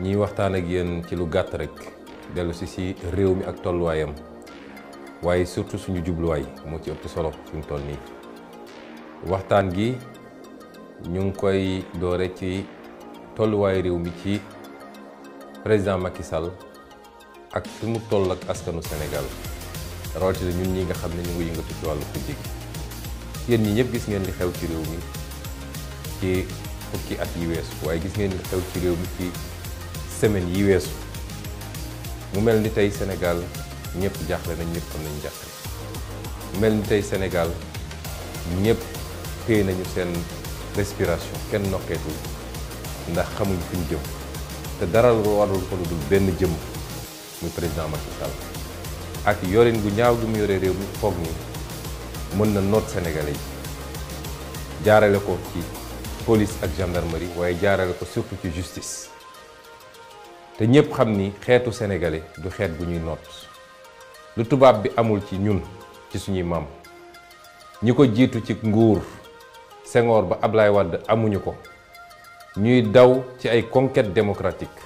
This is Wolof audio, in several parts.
ñi waxtaan ak yéen ci lu gàtt rek dellu si si réew mi ak tolluwaayam waaye surtout suñu jubluwaay moo ci ëpp solo suñu toll nii waxtaan gi ñu ngi koy doore ci tolluwaay réew mi ci président Macky Sall ak fi mu toll ak askanu Sénégal rawatina ñun ñi nga xam ne ñu ngi yëngatu ci wàllu kujje gi yéen ñi ñëpp gis ngeen li xew ci réew mi ci fukki at yi weesu waaye gis ngeen li xew ci réew mi ci semaine yi weesu mu mel ni tey senegal ñëpp jaaxle nañ ñëpp am nañu jaaxle mel ni tey senegal ñëpp téye nañu seen respiration kenn nokkeetul ndax xamuñ fi ñu jëm te dara warul ko lu dul benn jëm muy président Macky Sall ak yorin gu ñaaw gi mu yore réew mi foog ni mën na noot Sénégalais yi jaarale ko ci police ak gendarmerie waaye jaarale ko surtout ci justice te ñëpp xam ni xeetu sénégalais du xeet bu ñuy noot lu tubaab bi amul ci ñun ci suñuy maam ñi ko jiitu ci nguur Senghor ba Ablaye Wade amuñu ko ñuy daw ci ay conquête démocratique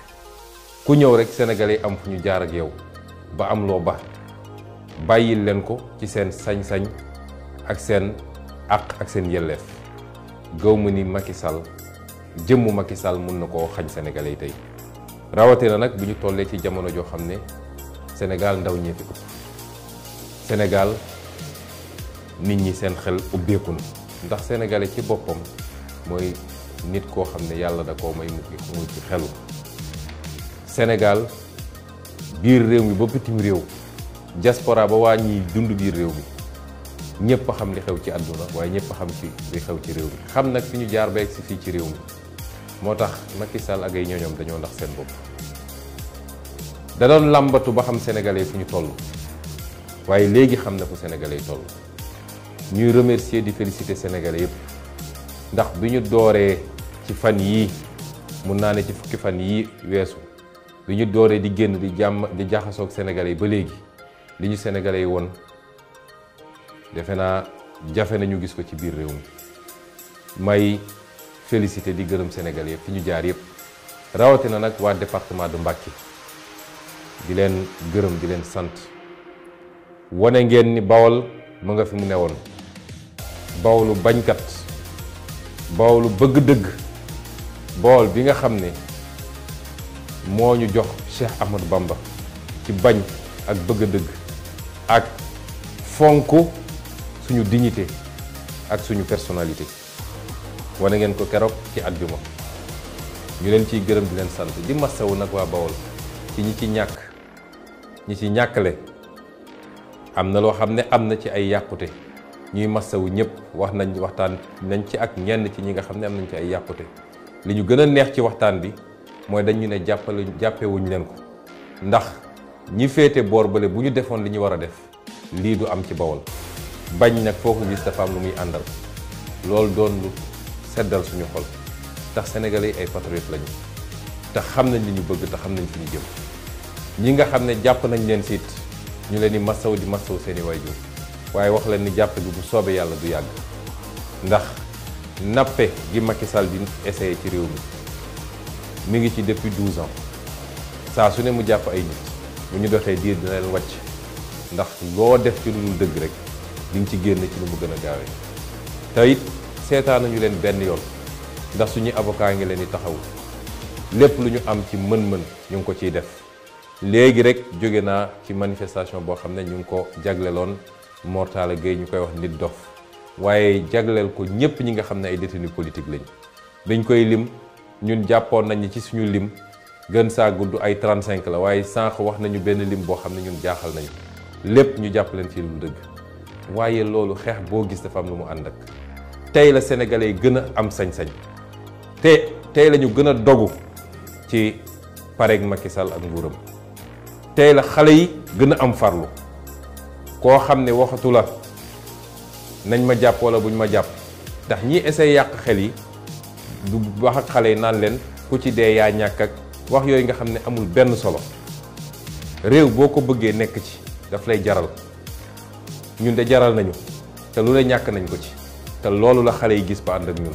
ku ñëw rek sénégalais am fu ñu jaar ak yow ba am loo ba bàyyil leen ko ci seen sañ-sañ ak seen àq ak seen yelleef gëw ma ni Macky Sall jëmmu Macky Sall mun na koo xañ sénégalais tey. rawatina nag bi ñu tollee ci jamono joo xam ne Sénégal ndaw ñee fi ëpp nit ñi seen xel ubbeeku na ndax sénégalais ci boppam mooy nit koo xam ne yàlla da koo may mu muy xelu Sénégal biir réew mi ba bitim réew diaspora ba waa ñiy dund biir réew mi ñëpp a xam li xew ci àdduna waaye ñëpp a xam ci li xew ci réew mi xam nag fi ñu jaar ba egsi fii ci réew mi moo tax Macky Sall ak ay ñooñoom dañoo ndax seen bopp da doon làmbatu ba xam sénégalais fu ñu toll waaye léegi xam na fu sénégalais toll ñuy remercier di féliciter sénégalais yépp ndax bi ñu dooree ci fan yii mun naa ne ci fukki fan yii weesu bi ñu dooree di génn di jàmm di jaxasoog sénégalais yi ba léegi li ñu sénégalais yi woon defe naa jafe nañu gis ko ci biir réew mi félicité di gërëm Sénégal yëpp fi ñu jaar yëpp rawatina nag waa département de Mbacké di leen gërëm di leen sant wane ngeen ni Bawol mu nga fi mu newoon Bawolu bañkat Bawolu bëgg dëgg Bawol bi nga xam ne moo ñu jox Cheikh Ahmadou Bamba ci bañ ak bëgg dëgg ak fonk suñu dignité ak suñu personnalité wane ngeen ko keroog ci àjjuma ñu leen ciy gërëm di leen sant di masawu nag waa Bawol ci ñi ci ñàkk ñi ci ñàkkale am na loo xam ne am na ci ay yàqute ñuy masawu ñëpp wax nañ waxtaan nañ ci ak ñenn ci ñi nga xam ne am nañ ci ay yàqute li ñu gën a neex ci waxtaan bi mooy dañu ne jàppale jàppewuñ leen ko ndax ñi féete boor bale bu ñu defoon li ñu war a def lii du am ci Bawol bañ nag foo ko gis dafa am lu muy àndal loolu doon lu seddal suñu xol ndax sénégalais yi ay patriotes lañu te xam nañ li ñu bëgg te xam nañ fi ñu jëm ñi nga xam ne jàpp nañ leen siit ñu leen di massaw di massaw seeni i waajur waaye wax leen ni jàpp gi bu soobee yàlla du yàgg ndax nappe gi Macky Sall di essayé ci réew mi mu ngi ci depuis 12 ans saa su ne mu jàpp ay nit bu ñu doxee diir dina leen wàcc ndax loo def ci lu dul dëgg rek di nga ci génn ci lu mu gën a gaawee te seetaanuñu leen benn yoon ndax suñuy avocat ngi leen di taxawu lépp lu ñu am ci mën-mën ñu ngi ko ciy def léegi rek jóge naa ci manifestation boo xam ne ñu ngi ko jagleloon Mor Talla Gueye ñu koy wax nit dof waaye jagleel ko ñépp ñi nga xam ne ay détenus politique lañ dañ koy lim ñun jàppoon nañ ci suñu lim gën saa gudd ay 35 la waaye sànq wax nañu benn lim boo xam ne ñun jaaxal nañu lépp ñu jàpp leen ci lu dëgg waaye loolu xeex boo gis dafa am lu mu ànd ak tey la sénégalais yi gën a am sañ-sañ te tey lañu gën a dogu ci pareeg Macky Sall ak nguuram tey la xale yi gën a am farlu koo xam ne waxatu la nañ ma jàpp wala buñ ma jàpp ndax ñi essayé yàq xel yi du wax ak xale yi naan leen ku ci dee yaa ñàkk ak wax yooyu nga xam ne amul benn solo réew boo ko bëggee nekk ci daf lay jaral ñun de jaral nañu te lu ne ñàkk nañ ko ci te loolu la xale yi gis ba ànd ak ñun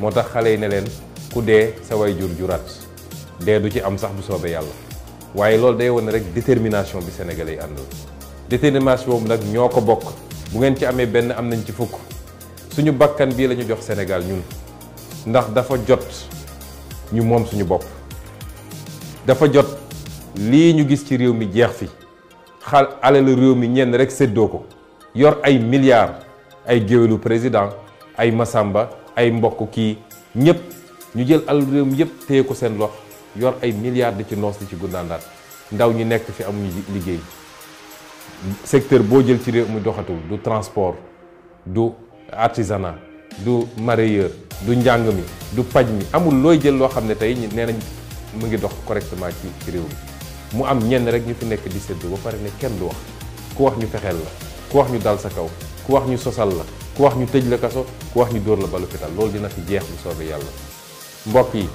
moo tax xale yi ne leen ku dee sa jur juraat dee du ci am sax bu soobee yàlla waaye loolu day wane rek détermination bi sénégalais yi àndal détermination boobu nag ñoo ko bokk bu ngeen ci amee benn am nañ ci fukk suñu bakkan bii lañu jox senegal ñun ndax dafa jot ñu moom suñu bokk dafa jot lii ñu gis ci réew mi jeex fi xal alalu réew mi ñenn rek seddoo ko yor ay milliards ay géwélu président ay Masamba ay mbokk kii ñëpp ñu jël alalu réew mi yëpp téye ko seen lox yor ay milliards di ci noos di ci gundaandaat ndaw ñi nekk fi amuñu liggéey secteur boo jël ci réew mi doxatul du transport du artisanat du mareyeur du njàng mi du paj mi amul looy jël loo xam ne tey nee nañ mu ngi dox correctement ci ci réew mi mu am ñenn rek ñu fi nekk di séddu ba pare ne kenn du wax ku wax ñu fexeel la ku wax ñu dal sa kaw ku wax ñu sosal la ku wax ñu tëj la kaso ku wax ñu dóor la balu fital loolu dina fi jeex bu soobee yàlla mbopp yi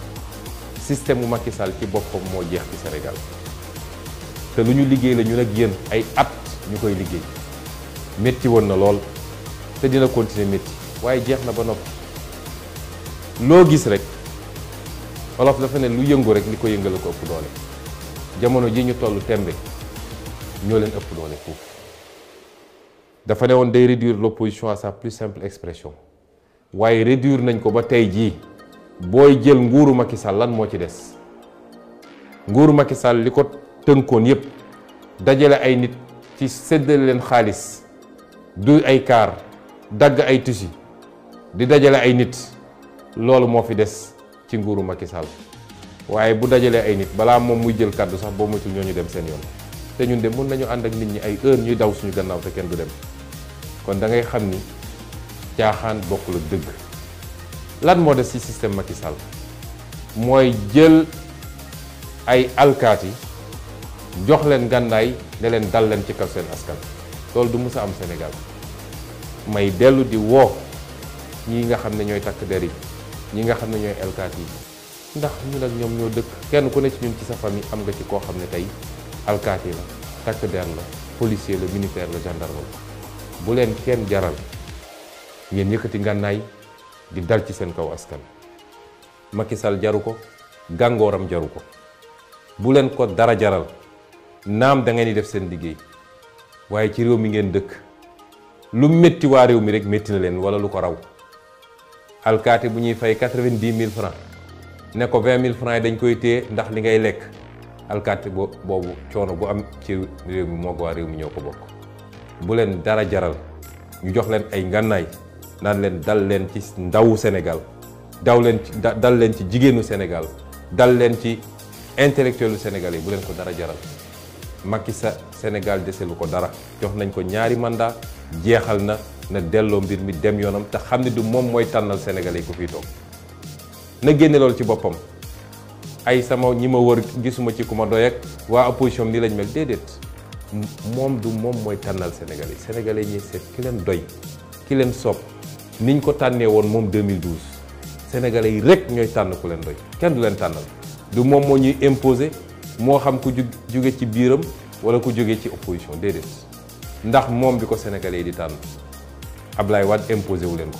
système mu Macky Sall ci boppam moo jeex ci Sénégal te lu ñu liggéey la ñu nag yéen ay at ñu koy liggéey metti woon na lool te dina continuer métti waaye jeex na ba nopp loo gis rek Wolof dafa ne lu yëngu rek li ko yëngale ko ëpp doole jamono ji ñu toll tembe ñoo leen ëpp doole foofu dafa ne woon day réduire l'opposition à sa plus simple expression waaye réduire nañ ko ba tey jii booy jël nguuru Macky Sall lan moo ci des nguuru Macky Sall li ko tënkoon yépp dajale ay nit ci séddale leen xaalis du ay kaar dagg ay tusi di dajale ay nit loolu moo fi des ci nguuru Macky Sall waaye bu dajale ay nit balaa moom muy jël kàddu sax boo moytul ñoo ñu dem seen yoon te ñun de mun nañu ànd ak nit ñi ay heure ñuy daw suñu gannaaw te kenn du dem kon dangay xam ni caaxaan bokkul ak dëgg lan moo des ci système Macky mooy jël ay alkaati jox leen gànnaay ne leen dal leen ci kaw seen askan loolu du mus a am senegal may dellu di woo ñi nga xam ne ñooy takk der yi ñi nga xam ne ñooy alkaati yi ndax ñun ak ñoom ñoo dëkk kenn ku ne ci ñun ci sa famille am nga ci koo xam ne tey alkaati la takk der la policier la militaire la gendarme bu leen kenn jaral ngeen yëkkati ngànnaay di dal ci seen kaw askan Macky Sall jaru ko gàngooram jaru ko bu leen ko dara jaral naam da ngeen di def seen liggéey waaye ci réew mi ngeen dëkk lu métti waa réew mi rek metti na leen wala lu ko raw alkaati bu ñuy fay quatre-vingt-dix mille francs ne ko vingt mille francs yi dañ koy téye ndax li ngay lekk alkaati boobu coono bu am ci réew mi moo ko waa réew mi ñoo ko bokk bu leen dara jaral ñu jox leen ay ngànnaay naan leen dal leen ci ndawu Sénégal daw leen ci dal leen ci jigéenu Sénégal dal leen ci intellectuelu Sénégal yi bu leen ko dara jaral Macky sa Sénégal deselu ko dara jox nañ ko ñaari mandat jeexal na na delloo mbir mi dem yoonam te xam ne du moom mooy tànnal Sénégalais yi ku fiy toog na génne loolu ci boppam ay sama ñi ma wër gisuma ci ku ma doy waa opposition ni lañ mel déedéet moom du moom mooy tànnal sénégalais sénégalais ñi seet ki leen doy ki leen sopp niñ ko tànnee woon moom 2012 sénégalais yi rek ñooy tànn ku leen doy kenn du leen tànnal du moom moo ñuy imposer moo xam ku ju jóge ci biiram wala ku jóge ci opposition déedéet ndax moom bi ko sénégalais yi di tànn Ablaye Wade imposé wu leen ko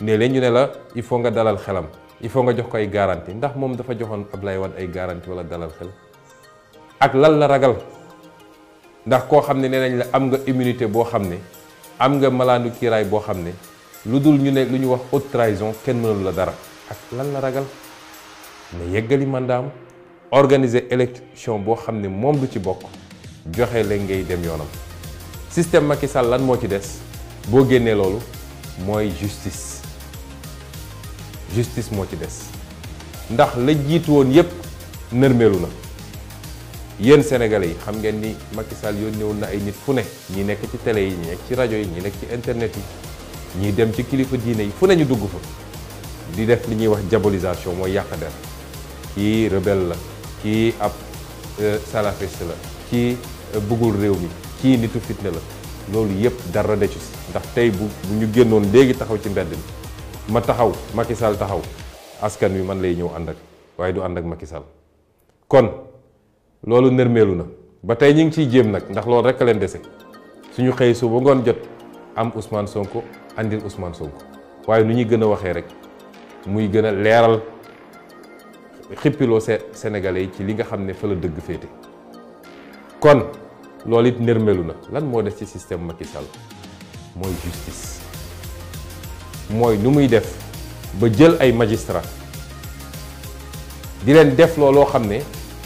ne leen ñu ne la il faut nga dalal xelam il faut nga jox ko ay garanti ndax moom dafa joxoon Ablaye Wade ay garanti wala dalal xel ak lan la ragal ndax koo xam ne nee nañ la am nga immunité boo xam ne am nga malaanu kiiraay boo xam ne lu dul ñu ne lu ñu wax haute trahison kenn mënul la dara ak lan la ragal ne yeggali mandaam organiser élection boo xam ne moom du ci bokk joxe la ngay dem yoonam système Macky Sall lan moo ci des boo génnee loolu mooy justice justice moo ci des ndax la jiitu woon yépp nërmeelu na yéen sénégalais yi xam ngeen ni Macky Sall yónnee na ay nit fu ne ñi nekk ci tele yi ñi nekk ci rajo yi ñi nekk ci internet yi ñi dem ci kilifa diine yi fu ne ñu dugg fa di def li ñuy wax diabolisation mooy yàq der kii rebelle la kii ab euh, salafiste la kii euh, bëggul réew mi kii nitu fitna la loolu yëpp dara decu si ndax tey bu ñu génnoon léegi taxaw ci mbedd mi ma taxaw Macky Sall taxaw askan wi man lay ñëw ànd ak waaye du ànd ak Macky Sall kon loolu nërmeelu na ba tey ñu ngi ciy jéem nag ndax loolu rek a leen dese suñu xëy su ba ngoon jot am Ousmane Sonko andil Ousmane Sonko waaye nu ñuy gën a waxee rek muy gën a leeral xippiloo se Sénégalais yi ci li nga xam ne fa la dëgg féete kon loolu it nërmelu na lan moo des ci système Macky Sall mooy justice mooy nu muy def ba jël ay magistrat di leen def looloo xam ne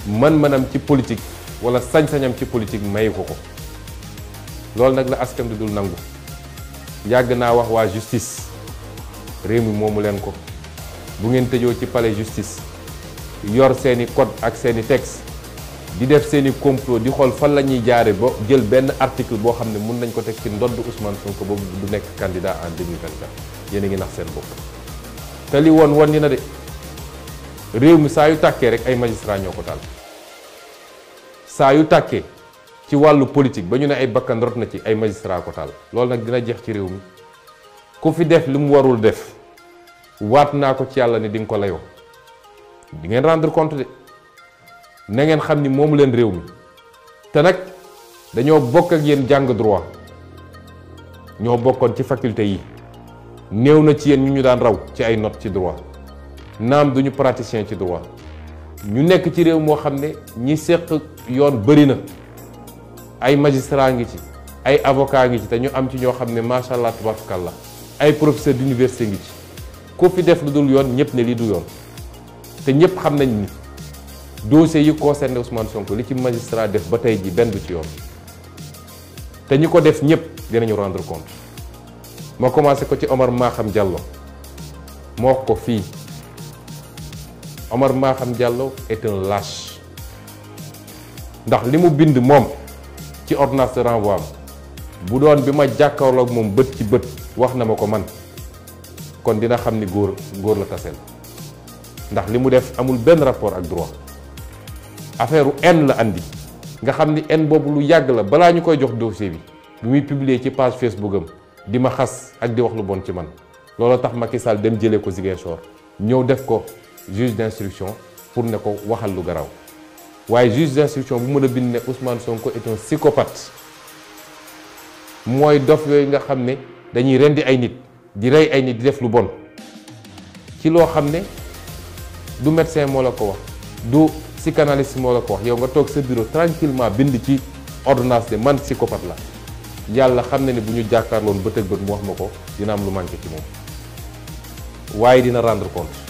man mënam ci politique wala sañ-sañam ci politique mayu ko ko loolu nag la askan bi dul nangu yàgg naa wax waa justice réew mi moomu leen ko bu ngeen tëjoo ci palais justice yor seeni code ak seeni texte di def seeni complot di xool fan la ñuy jaare ba jël benn article boo xam ne mun nañ ko teg ci ndodd Ousmane ko boobu du nekk candidat en 2024 yéen a ngi nax seen bopp te li woon woon ni na de réew mi saa yu tàkkee rek ay magistrat ñoo ko taal saa yu tàkkee ci wàllu politique ba ñu ne ay bakkan rot na ci ay magistrat ko taal loolu nag dina jeex ci réew mi ku fi def li mu warul def waat naa ko ci yàlla ne di nga ko layoo di ngeen rendre compte de na ngeen xam ni moom leen réew mi te nag dañoo bokk ak yéen jàng droit ñoo bokkoon ci faculté yi néew na ci yéen ñu ñu daan raw ci ay notes ci droit naam duñu praticien ci droit ñu nekk ci réew moo xam ne ñi seq yoon bëri na ay magistrat ngi ci ay avocat ngi ci te ñu am ci ñoo xam ne macha allah tabarakallah ay professeur d'université ngi ci ku fi def lu dul yoon ñëpp ne lii du yoon te ñëpp xam nañ ni dossiers yi concerné Ousmane Sonko li ci magistrat def ba tey ji benn du ci yoon te ñi ko def ñëpp dinañu rendre compte ma commencé ko ci Omar maa Maham Diallo moo ko fii Omar Maham xam est un lâche ndax li mu bind moom ci ordonnance de renvoi bu doon bi ma jàkkaarloog moom bët ci bët wax na ma ko man kon dina xam ni góor góor la taseel ndax li mu def amul benn rapport ak droit affaire u haine la indi nga xam ni haine boobu lu yàgg la balaa ñu koy jox dossier bi bi muy publier ci page Facebook am di ma xas ak di wax lu bon ci man loolu tax Macky Sall dem jëlee ko Ziguinchor ñëw def ko juge d'instruction pour ne ko waxal lu garaw waaye juge d'instruction bu mën a bind ne Ousmane Sonko est un psychopathe mooy dof yooyu nga xam ne dañuy rendi ay nit di rey ay nit di def lu bon ci loo xam ne du médecin moo la ko wax du psychanalyste moo la ko wax yow nga toog sa bureau tranquillement bind ci ordonnance de man psychopathe la yàlla xam na ne bu ñu jàkkaarloon bët bët mu wax ma ko dina am lu manqué ci moom waaye dina rendre compte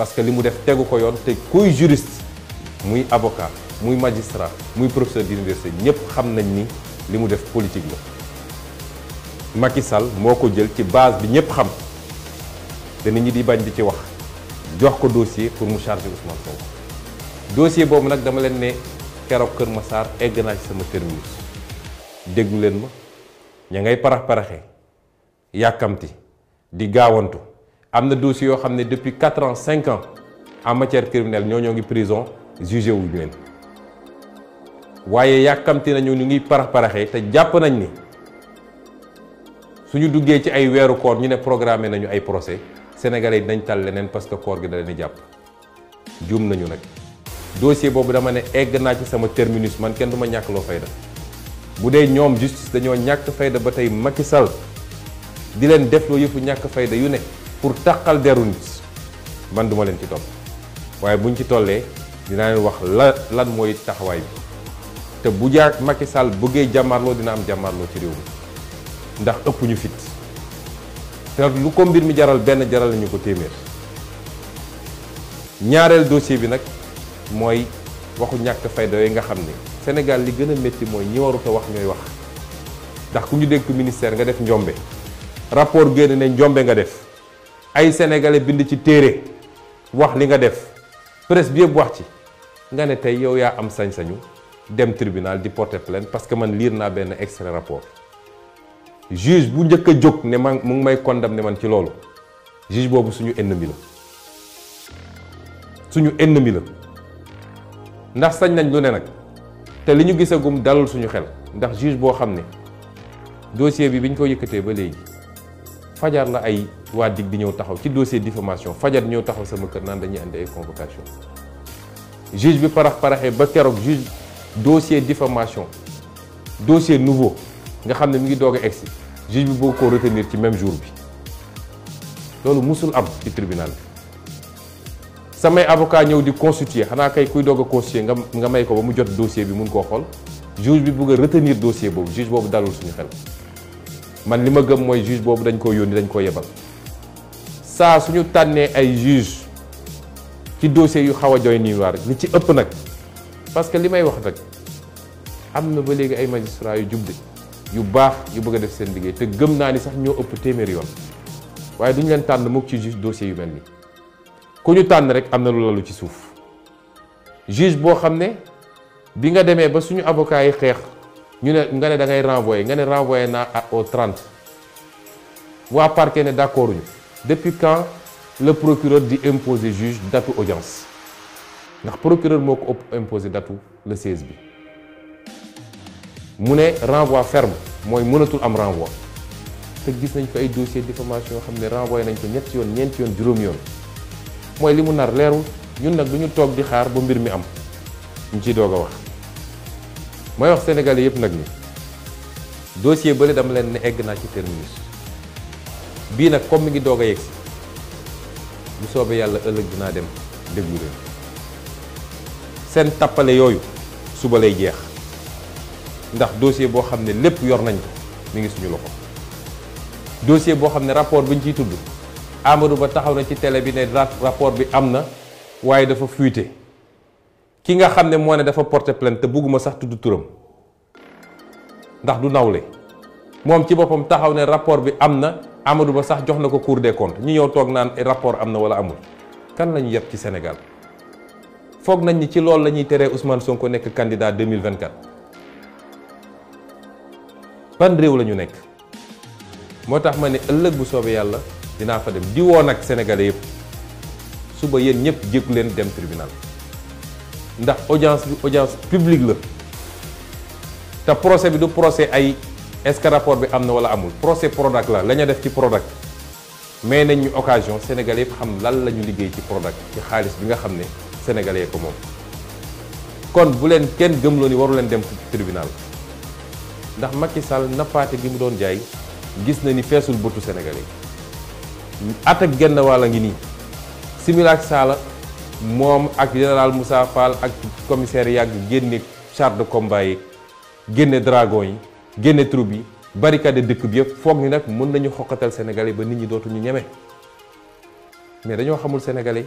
parce que li mu def tegu ko yoon te kuy juriste muy avocat muy magistrat muy professeur d'université ñëpp xam nañ ni li mu def politique la Macky Sall moo ko jël ci base bi ñëpp xam te nit ñi di bañ di ci wax jox ko dossier pour mu charger Ousmane Sonko dossier boobu nag dama leen ne keroog Kër Massar egg naa ci sama terminus déglu leen ma ña ngay parax paraxe yàkkamti di gaawantu am na dossiers yoo xam ne depuis quatre ans cinq ans en matière criminelle ñoo ñoo ngi prison jugé wuñu leen waaye yàkkamti nañu ñu ngi parax paraxee te jàpp nañ ni suñu duggee ci ay weeru koor ñu ne programme nañu ay procès sénégalais yi dañ tal leneen parce que koor gi da leen jàpp juum nañu nag dossier boobu dama ne egg naa ci sama terminus man kenn du ma ñàkk loo fayda bu dee ñoom justice dañoo ñàkk fayda ba tey Macky Sall di leen def loo yëfu ñàkk fayda yu ne pour taqal deru nit man duma leen ci topp waaye buñ ci tollee dinaa leen wax la lan mooy taxawaay bi te bu jaar Macky Sall bëggee jàmmarloo dina am jàmmarloo ci réew mi ndax ëpp ñu fit te lu ko mbir mi jaral benn jaral nañu ko téeméer ñaareel dossier bi nag mooy waxu ñàkk fayda yi nga xam ne senegal li gën a métti mooy ñi waru ko wax ñooy wax ndax ku ñu dénk ministère nga def njombe rapport génn ne njombe nga def ay sénégalais bind ci téere wax li nga def presse bi yëpp wax ci nga ne tey yow yaa am sañ-sañu dem tribunal di porter plainte parce que man liir naa benn extrait rapport juge bu njëkk a jóg ne man mu ngi may condamné man ci loolu juge boobu suñu ennemi la suñu ennemi la ndax sañ lañ lu ne nag te li ñu gisagum dalul suñu xel ndax juge boo xam ne dossier bi biñ ko yëkkatee ba léegi fajar la ay. waa digg di ñëw taxaw ci dossier diffamation fajar ñëw taxaw sama kër naan dañuy andi ay convocation juge bi parax paraxee ba keroog juge dossier diffamation dossier nouveau nga xam ne mi ngi doog a egsi juge bi boo ko retenir ci même jour bi loolu musul am ci tribunal bi samay avocat ñëw di constituer xanaa kay kuy doog a constituer nga nga may ko ba mu jot dossier bi mun koo xool juge bi bëgg a retenir dossier boobu juge boobu dalul suñu xel man li ma gëm mooy juge boobu dañ koo yónni dañ koo yebal saa suñu tànnee ay juge ci dossier yu xaw a jooy nii waar li ci ëpp nag parce que li may wax nag am na ba léegi ay magistrat yu jubde yu baax yu bëgg a def seen liggéey te gëm naa ni sax ñoo ëpp téeméeri yoon waaye duñu leen tànn mukk ci juge dossier yu mel ni ku ñu tànn rek am na lu lalu ci suuf juge boo xam ne bi nga demee ba suñu avocat yi xeex ñu ne nga ne da ngay nga ne renvoyer naa au 30 waa parquet ne d'accord ñu depuis quand le procureur di imposer juge datu audience ndax procureur moo ko ëpp imposer datu le 16 bi mu ne renvoi ferme mooy mënatul am renvoi te gis nañ fi ay dossier diffamation yoo xam ne renvoyé nañ ko ñetti yoon ñeenti yoon juróom yoon mooy li mu nar leerul ñun nag du ñu toog di xaar ba mbir mi am ñu ciy doog a wax mooy wax sénégalais yëpp nag ni ba bële dama leen ne egg naa ci terminus bii nag comme mi ngi doog a yegsi bu soobee yàlla ëllëg dinaa dem déglu leen seen tappale yooyu suba lay jeex ndax dossier boo xam ne lépp yor nañ ko mi ngi suñu loxo dossier boo xam ne rapport bi ñu ciy tudd Amadou Ba taxaw na ci télé bi ne rapport bi am na waaye dafa fuité ki nga xam ne moo ne dafa porté plainte te bugguma sax tudd turam ndax du nawle moom ci boppam taxaw ne rapport bi am na Amadou Ba sax jox na ko Cour des comptes ñu ñëw toog naan eh, rapport am na wala amul kan la ñu ci senegal foog nañ ni ci loolu la ñuy teree Ousmane Sonko nekk candidat 2024 ban réew la ñu nekk moo tax ma ne ëllëg bu soobee yàlla dinaa fa dem di woon ak sénégalais yëpp suba yéen ñëpp jégu leen dem tribunal ndax audience bi audience publique la te procès bi du procès ay. est-ce que rapport bi am na wala amul procès Prodac la la ñu def ci Prodac mais nañ ñu occasion sénégalais yëpp xam lan la ñu liggéey ci Prodac ci xaalis bi nga xam ne sénégalais ko moom kon bu leen kenn gëmloo ni waru leen dem tribunal ndax Macky Sall nappaate bi mu doon jaay gis na ni feesul bëtu sénégalais at ak genn wàll ngi nii Similaak Sall moom ak général Moussa Fall ak commissaire yàgg génne char de combat yi génne dragon yi génne troupe yi barricade dëkk bi yëpp foog ni nag mën nañu xoqatal sénégalais ba nit ñi dootuñu ñeme mais dañoo xamul sénégalais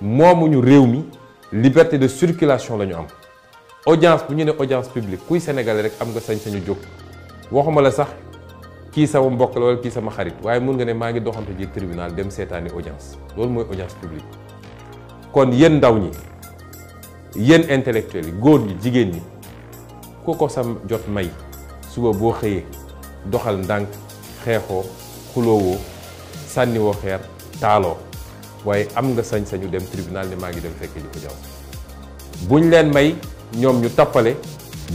moomuñu réew mi liberté de circulation la ñu am audience bu ñu ne audience publique kuy sénégalais rek am nga sañ-sañu jóg waxuma la sax kii sama mbokk la wala kii sama xarit waaye mun nga ne maa ngi doxantu ji tribunal dem seetaani audience loolu mooy audience publique kon yéen ndaw ñi yenn intellectuels yi góor ñi jigéen ñi. ku ko sa jot may suba boo xëyee doxal ndànk xeexoo xuloowoo sànniwoo xeer taaloo waaye am nga sañ-sañu dem tribunal ne maa ngi dem fekk ji ko jaw buñ leen may ñoom ñu tappale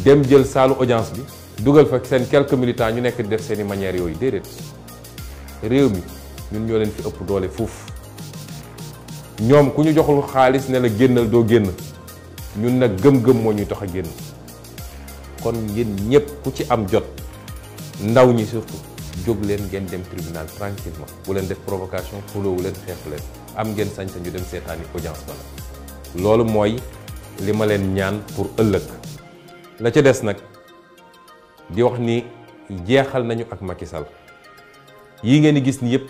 dem jël saalu audience bi dugal fa seen quelques militants ñu nekk def seeni i yooyu déedéet réew mi ñun ñoo leen fi ëpp doole fuuf ñoom ku ñu joxul xaalis ne la génnal doo génn ñun nag gëm-gëm moo ñuy tax a génn kon ngeen ñëpp ku ci am jot ndaw ñi surtout jóg leen ngeen dem tribunal tranquillement bu leen def provocation xuloowu leen xeexu leen am ngeen sañ-sañ ñu dem seetaani audience ba la loolu mooy li ma leen ñaan pour ëllëg la ca des nag di wax ni jeexal nañu ak makisal Sall yi ngeen di gis ni yëpp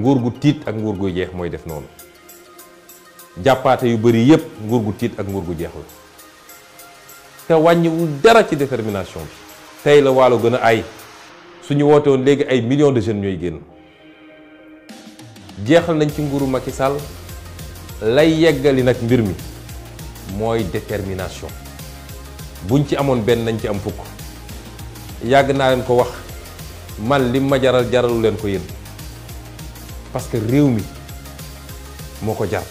nguur gu tiit ak nguur gu jeex mooy def noonu jàppaate yu bari yëpp nguur gu tiit ak nguur gu jeex la te wàññiwul dara ci détermination bi tey la waalo gën a ay suñu woote woon léegi ay millions de jeunes ñooy génn jeexal nañ ci nguuru Macky Sall lay yeggali nag mbir mi mooy détermination buñ ci amoon benn nañ ci am fukk yàgg naa leen ko wax man li ma jaral jaralu leen ko yéen parce que réew mi moo ko jar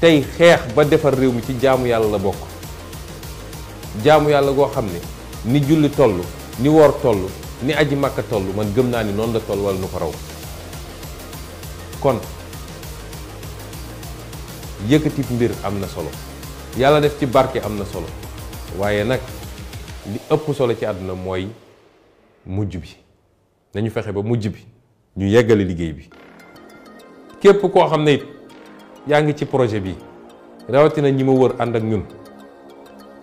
tey xeex ba defar réew mi ci jaamu yàlla la bokk jaamu yàlla goo xam ne ni julli toll ni woor toll ni aji màkka toll man gëm naa ni noonu la toll wala nu ko raw kon yëkkati mbir am na solo yàlla def ci barke am na solo waaye nag li ëpp solo ci àdduna mooy mujj bi nañu fexe ba mujj bi ñu yeggale liggéey bi képp koo xam ne it yaa ngi ci projet bi rawatina ñi ma wër ànd ak ñun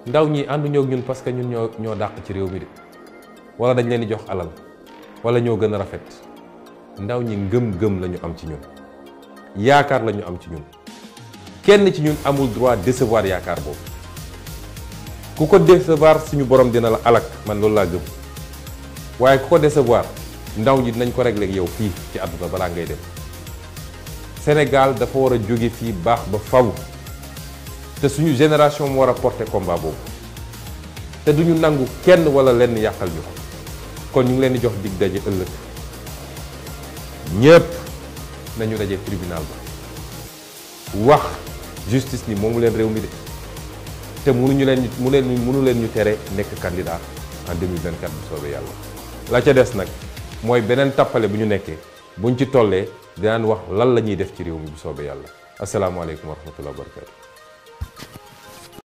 ndaw ñi ànduñook ñun parce que ñun ñoo ñoo dàq ci réew mi de wala dañ leen di jox alal wala ñoo gën a rafet ndaw ñi ngëm-ngëm lañu am ci ñun yaakaar la am ci ñun kenn ci ñun amul droit décevoir yaakaar boobu ku ko décevoir suñu borom dina la alak man loolu laa gëm waaye ku ko décevoir ndaw ñi dinañ ko régler yow fii ci àdduna balaa ngay dem Sénégal dafa war a jóge fii baax ba faw te suñu génération mu war a porter combat boobu te duñu nangu kenn wala lenn yàqal ñu ko kon ñu ngi leen di jox dig daje ëllëg ñëpp nañu daje tribunal ba wax justice ni moomu leen réew mi de te mënuñu leen mu leen mënu leen ñu tere nekk candidat en 2024 bu soobee yàlla la ca des nag mooy beneen tappale bu ñu nekkee buñ ci tollee dinaan wax lan la ñuy def ci réew mi bu soobee yàlla asalaamaaleykum wa rahmatullah wa